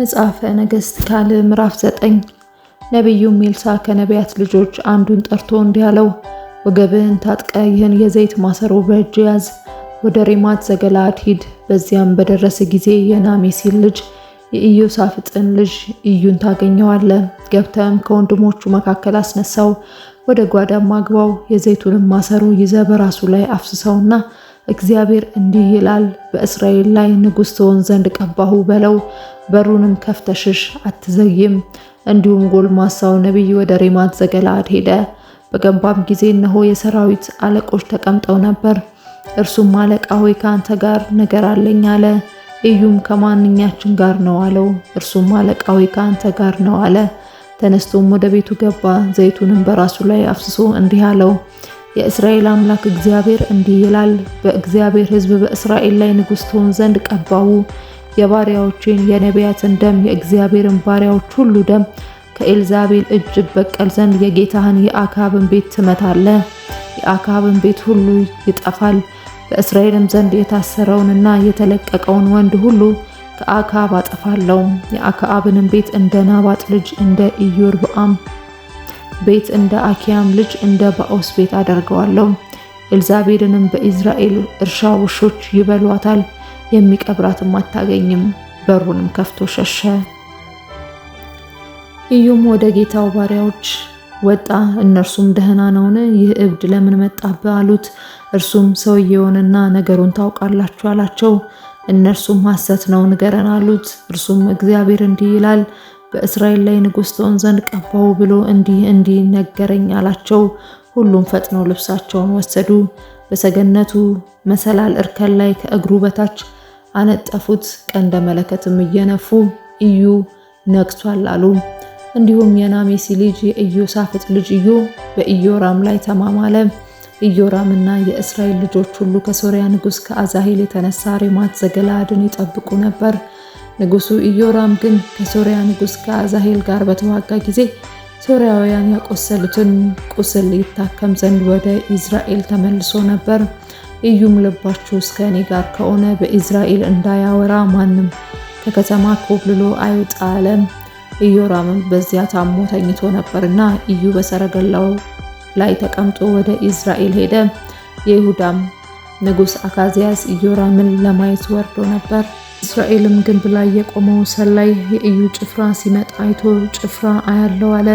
መጽሐፈ ነገሥት ካልዕ ምዕራፍ 9 ነቢዩም ኤልሳዕ ከነቢያት ልጆች አንዱን ጠርቶ እንዲህ አለው፣ ወገብህን ታጥቀ ይህን የዘይት ማሰሮ በእጅ ያዝ፣ ወደ ሬማት ዘገለዓድ ሂድ። በዚያም በደረሰ ጊዜ የናሜሲን ልጅ የኢዮሳፍጥን ልጅ ኢዩን ታገኘዋለ። ገብተም ከወንድሞቹ መካከል አስነሳው፣ ወደ ጓዳም አግባው። የዘይቱንም ማሰሮ ይዘ በራሱ ላይ አፍስሰውና እግዚአብሔር እንዲህ ይላል፣ በእስራኤል ላይ ንጉሥ ትሆን ዘንድ ቀባሁ በለው፣ በሩንም ከፍተሽሽ አትዘይም። እንዲሁም ጎልማሳው ነቢይ ወደ ሬማት ዘገለዓድ ሄደ። በገንባም ጊዜ እነሆ የሰራዊት አለቆች ተቀምጠው ነበር። እርሱም አለቃ ሆይ ከአንተ ጋር ነገር አለኝ አለ። እዩም ከማንኛችን ጋር ነው አለው። እርሱም አለቃ ሆይ ከአንተ ጋር ነው አለ። ተነስቶም ወደ ቤቱ ገባ። ዘይቱንም በራሱ ላይ አፍስሶ እንዲህ አለው የእስራኤል አምላክ እግዚአብሔር እንዲህ ይላል፣ በእግዚአብሔር ሕዝብ በእስራኤል ላይ ንጉሥ ትሆን ዘንድ ቀባው የባሪያዎችን የነቢያትን ደም የእግዚአብሔርን ባሪያዎች ሁሉ ደም ከኤልዛቤል እጅ በቀል ዘንድ የጌታህን የአካብን ቤት ትመታለ። የአካብን ቤት ሁሉ ይጠፋል። በእስራኤልም ዘንድ የታሰረውንና የተለቀቀውን ወንድ ሁሉ ከአካብ አጠፋለሁ። የአካብንም ቤት እንደ ናባጥ ልጅ እንደ ኢዮርብዓም ቤት እንደ አኪያም ልጅ እንደ ባኦስ ቤት አደርገዋለሁ። ኤልዛቤልንም በኢዝራኤል እርሻ ውሾች ይበሏታል፣ የሚቀብራትም አታገኝም። በሩንም ከፍቶ ሸሸ። ኢዩም ወደ ጌታው ባሪያዎች ወጣ። እነርሱም ደህና ነውን? ይህ እብድ ለምን መጣብህ? አሉት። እርሱም ሰውየውንና ነገሩን ታውቃላችሁ አላቸው። እነርሱም ሐሰት ነው ንገረን አሉት። እርሱም እግዚአብሔር እንዲህ ይላል በእስራኤል ላይ ንጉሥ ትሆን ዘንድ ቀባው ብሎ እንዲህ እንዲህ ነገረኝ አላቸው። ሁሉም ፈጥኖ ልብሳቸውን ወሰዱ፣ በሰገነቱ መሰላል እርከን ላይ ከእግሩ በታች አነጠፉት። ቀንደ መለከትም እየነፉ እዩ ነግቷል አሉ። እንዲሁም የናሜሲ ልጅ የኢዮሳፍጥ ልጅ እዩ በኢዮራም ላይ ተማማለ። ኢዮራምና የእስራኤል ልጆች ሁሉ ከሶርያ ንጉሥ ከአዛሄል የተነሳ ሬማት ዘገላድን ይጠብቁ ነበር። ንጉሱ ኢዮራም ግን ከሶሪያ ንጉስ ከአዛሄል ጋር በተዋጋ ጊዜ ሶሪያውያን ያቆሰሉትን ቁስል ይታከም ዘንድ ወደ ኢዝራኤል ተመልሶ ነበር። እዩም ልባችሁ እስከ እኔ ጋር ከሆነ በኢዝራኤል እንዳያወራ ማንም ከከተማ ኮብልሎ አይውጣ አለም። ኢዮራም በዚያ ታሞ ተኝቶ ነበርና እዩ በሰረገላው ላይ ተቀምጦ ወደ ኢዝራኤል ሄደ። የይሁዳም ንጉስ አካዚያስ ኢዮራምን ለማየት ወርዶ ነበር። እስራኤልም ግንብ ላይ የቆመው ሰላይ የኢዩ ጭፍራ ሲመጣ አይቶ ጭፍራ አያለው አለ።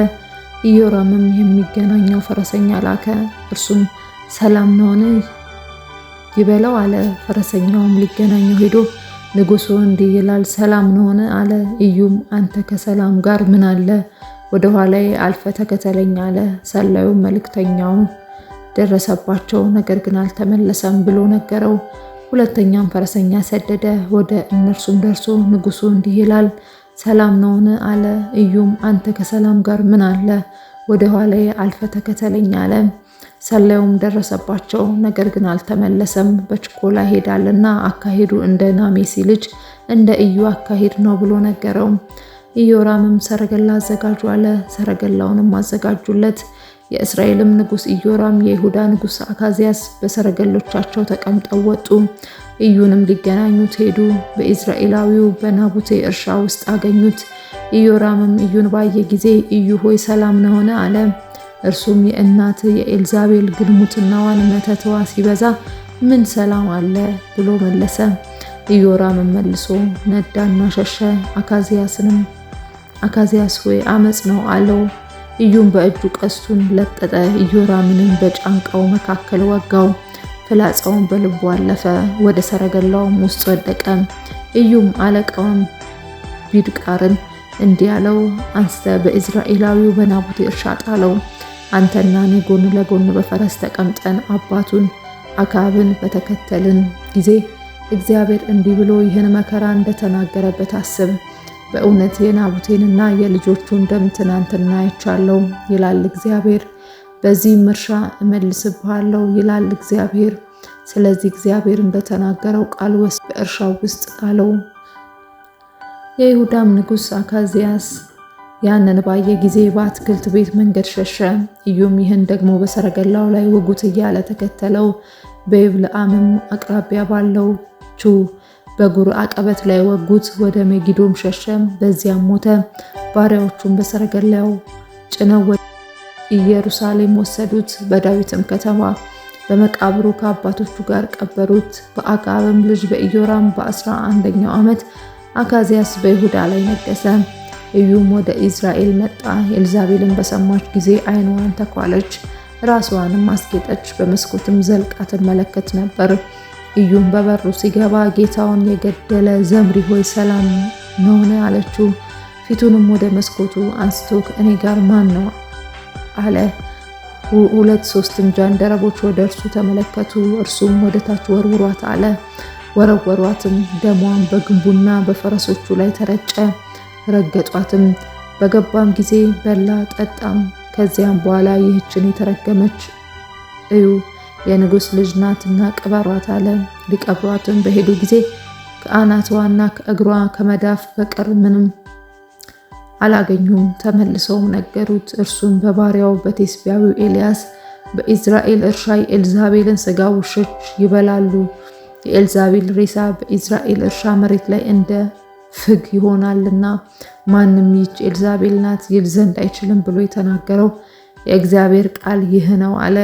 ኢዮራምም የሚገናኘው ፈረሰኛ ላከ። እርሱም ሰላም ነውን ይበለው አለ። ፈረሰኛውም ሊገናኘው ሄዶ ንጉሱ እንዲህ ይላል ሰላም ነውን አለ። ኢዩም አንተ ከሰላም ጋር ምን አለ? ወደ ላይ አልፈ ተከተለኝ አለ። ሰላዩ መልእክተኛው ደረሰባቸው፣ ነገር ግን አልተመለሰም ብሎ ነገረው። ሁለተኛም ፈረሰኛ ሰደደ፣ ወደ እነርሱም ደርሶ ንጉሱ እንዲህ ይላል ሰላም ነውን? አለ። እዩም አንተ ከሰላም ጋር ምን አለ? ወደ ኋላ አልፈ ተከተለኝ አለ። ሰላዩም ደረሰባቸው፣ ነገር ግን አልተመለሰም። በችኮላ ሄዳልና አካሄዱ እንደ ናሜሲ ልጅ እንደ እዩ አካሄድ ነው ብሎ ነገረው። ኢዮራምም ሰረገላ አዘጋጁ አለ። ሰረገላውንም አዘጋጁለት። የእስራኤልም ንጉስ ኢዮራም የይሁዳ ንጉስ አካዚያስ በሰረገሎቻቸው ተቀምጠው ወጡ። ኢዩንም ሊገናኙት ሄዱ። በኢዝራኤላዊው በናቡቴ እርሻ ውስጥ አገኙት። ኢዮራምም ኢዩን ባየ ጊዜ ኢዩ ሆይ ሰላም ነሆነ አለ። እርሱም የእናት የኤልዛቤል ግልሙትናዋን መተትዋ ሲበዛ ምን ሰላም አለ ብሎ መለሰ። ኢዮራምም መልሶ ነዳና ሸሸ። አካዚያስንም አካዚያስ ሆይ አመፅ ነው አለው። እዩም በእጁ ቀስቱን ለጠጠ። ኢዮራምንም በጫንቃው መካከል ወጋው፣ ፍላጻውን በልቡ አለፈ፣ ወደ ሰረገላውም ውስጥ ወደቀ። እዩም አለቃውን ቢድቃርን እንዲህ አንስተ በኢዝራኤላዊው በናቡቴ እርሻ ጣለው። አንተና እኔ ጎን ለጎን በፈረስ ተቀምጠን አባቱን አካብን በተከተልን ጊዜ እግዚአብሔር እንዲህ ብሎ ይህን መከራ እንደተናገረበት አስብ። በእውነት የናቡቴንና የልጆቹን ደም ትናንትና አይቻለሁ ይላል እግዚአብሔር። በዚህም እርሻ እመልስብሃለሁ ይላል እግዚአብሔር። ስለዚህ እግዚአብሔር እንደተናገረው ቃል ወስድ በእርሻው ውስጥ ጣለው። የይሁዳም ንጉሥ አካዚያስ ያንን ባየ ጊዜ በአትክልት ቤት መንገድ ሸሸ። እዩም ይህን ደግሞ በሰረገላው ላይ ውጉት እያለ ተከተለው። በይብልአምም አቅራቢያ ባለው ቹ በጉር አቀበት ላይ ወጉት፣ ወደ መጊዶም ሸሸም፣ በዚያም ሞተ። ባሪያዎቹን በሰረገላው ጭነው ወደ ኢየሩሳሌም ወሰዱት፣ በዳዊትም ከተማ በመቃብሩ ከአባቶቹ ጋር ቀበሩት። በአቃብም ልጅ በኢዮራም በአስራ አንደኛው ዓመት አካዚያስ በይሁዳ ላይ ነገሰ። ኢዩም ወደ ኢዝራኤል መጣ። ኤልዛቤልን በሰማች ጊዜ ዓይንዋን ተኳለች፣ ራስዋንም አስጌጠች፣ በመስኮትም ዘልቃ ትመለከት ነበር። ኢዩም በበሩ ሲገባ ጌታውን የገደለ ዘምሪ ሆይ ሰላም ነውን? አለችው። ፊቱንም ወደ መስኮቱ አንስቶ እኔ ጋር ማን ነው አለ። ሁለት ሶስትም ጃንደረቦች ወደ እርሱ ተመለከቱ። እርሱም ወደ ታች ወርውሯት አለ። ወረወሯትም፣ ደሟም በግንቡና በፈረሶቹ ላይ ተረጨ። ረገጧትም። በገባም ጊዜ በላ ጠጣም። ከዚያም በኋላ ይህችን የተረገመች እዩ የንጉሥ ልጅ ናትና ቅበሯት አለ። ሊቀብሯትም በሄዱ ጊዜ ከአናትዋና ከእግሯ ከመዳፍ በቀር ምንም አላገኙም። ተመልሰው ነገሩት። እርሱም በባሪያው በቴስቢያዊው ኤልያስ በኢዝራኤል እርሻ የኤልዛቤልን ስጋ ውሾች ይበላሉ፣ የኤልዛቤል ሬሳ በኢዝራኤል እርሻ መሬት ላይ እንደ ፍግ ይሆናልና ማንም ይች ኤልዛቤል ናት ይል ዘንድ አይችልም ብሎ የተናገረው የእግዚአብሔር ቃል ይህ ነው አለ።